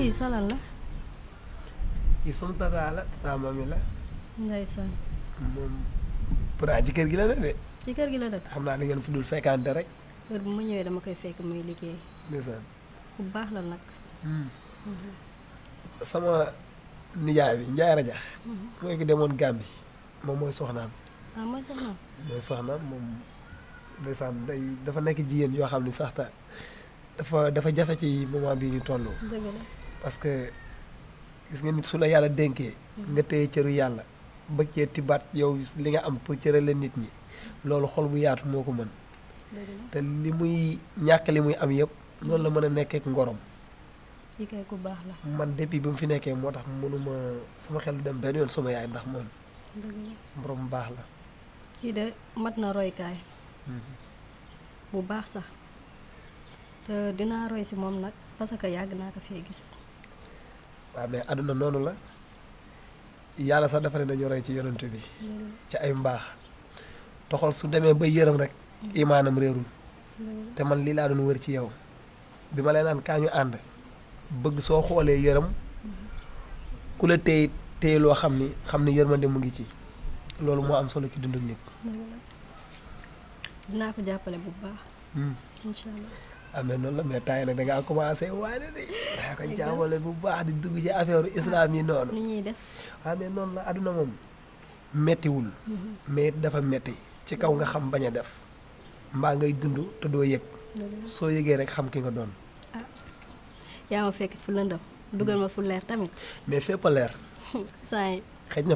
Isal lan la Isal dara la tamaami la ndeysaan moom pour ci kër gi la dëkk de ci kër gi sama nijaay bi njaay raja mooy ki demoon Gambi moom mooy soxnaam ah mooy soxnaam mooy soxnaam moom ndeysaan day dafa nekk jigéen yoo xam ne dafa dafa jafe ci moment bii ñu toll dëgg la parce que gis nga nit su la yàlla dénkee nga téye cëru yàlla ba cee tibaat yow li nga am pour cërale nit ñi loolu xol bu yaatu moo ko mën te li muy ñàkk li muy am yëpp noonu la mën a nekkeek ngorom ku baax la man depuis bi mu fi nekkee moo tax mënuma sama xel dem benn yoon sama yaay ndax moom borom baax la kii de mat na roykaay hmm. bu baax sax te dinaa roy si moom nag parce que yàgg naa ko fee gis waaw mais àdduna noonu la yàlla sax dafa ne nañu ci yonent bi ci ay mbaax toxal su demee ba yërëm rek imaanam réerul te man lii laa doon wër ci yow bi ma lay naan kaa ñu ànd bëgg soo xoolee yërëm ku la téye téye loo xam ni xam ni yërmande mu ngi ci loolu moo am solo ci dundu nit. dinaa amee eh, nah, iya. nah, non la mais tay la da ngaa commencé waane de ko jaawale bu baax di dugg ci affaire islam yi noonu ni ñuy def waaw non la aduna metti wul mais mhm. dafa metti ci kaw nga mhm. xam baña def mba ngay dund te do yek so yëgee rek xam ki nga don ah. ya ma fekk fu lëndam dugal hmm. ma fu leer tamit mais fepp leer say yi na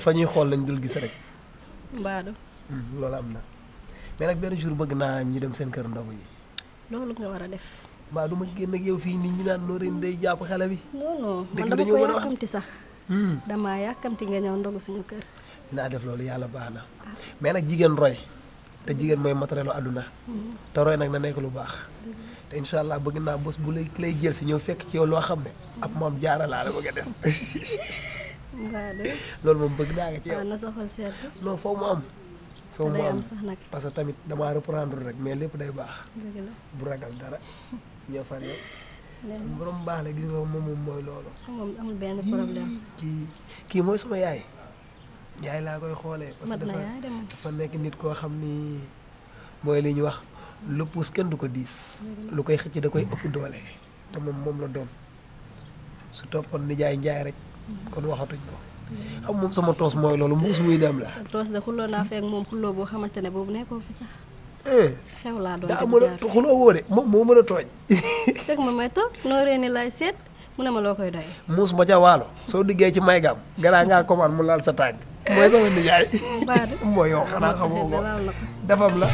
lañ dul gis rek mbaadu loolu am mais nak ben jour bëgg na ñu dem seen kër yi loolu nga war a def. mbaa du ma génn ak yow fii nit ñi naan Noreyni day jàpp xale bi. non non man dama ko sax. Hmm. damaa yàkkamti nga ñëw ndogu suñu kër. dinaa def loolu yàlla baax na ah. mais nag jigéen roy te jigéen mooy matériel àdduna hmm. te na nekk lu baax. te incha bëgg naa bés bu lay lay jël si ñëw fekk ci yow loo xam ne. ab maam jaara laa la a loolu moom bëgg naa nga ci yow. na sa xol seet. non foofu mu am. foo mu am parce que tamit damaa reprendre rek mais lépp day baax. bu ragal dara ñoo fa nekk. borom baax la gis nga moom mooy loolu. moom amul kii mooy suma yaay. yaay laa koy xoolee. parce dafa dafa nekk nit koo xam ni mooy li ñu wax lu puus kenn du ko diis. lu koy xëcc da koy ëpp doole. te moom moom la doom su toppoon nijaay njaay rek. Mm-hmm. kon waxatuñ ko. xam moom sama toos mooy loolu mbuus muy dem la. sa toos de xuloo laa fekk moom xuloo boo xamante ne boobu nekkoon fi sax. Eh, xew laa doon daa mën a woo moom moo mën a tooñ. fekk ma may toog seet mu ne ma loo koy doy. muus ma ca waalo soo diggee ci may gaam galaa ngaa commande mu laal sa tànk. mooy sama nijaay. mbaa de yow xanaa xamoo ko dafam la.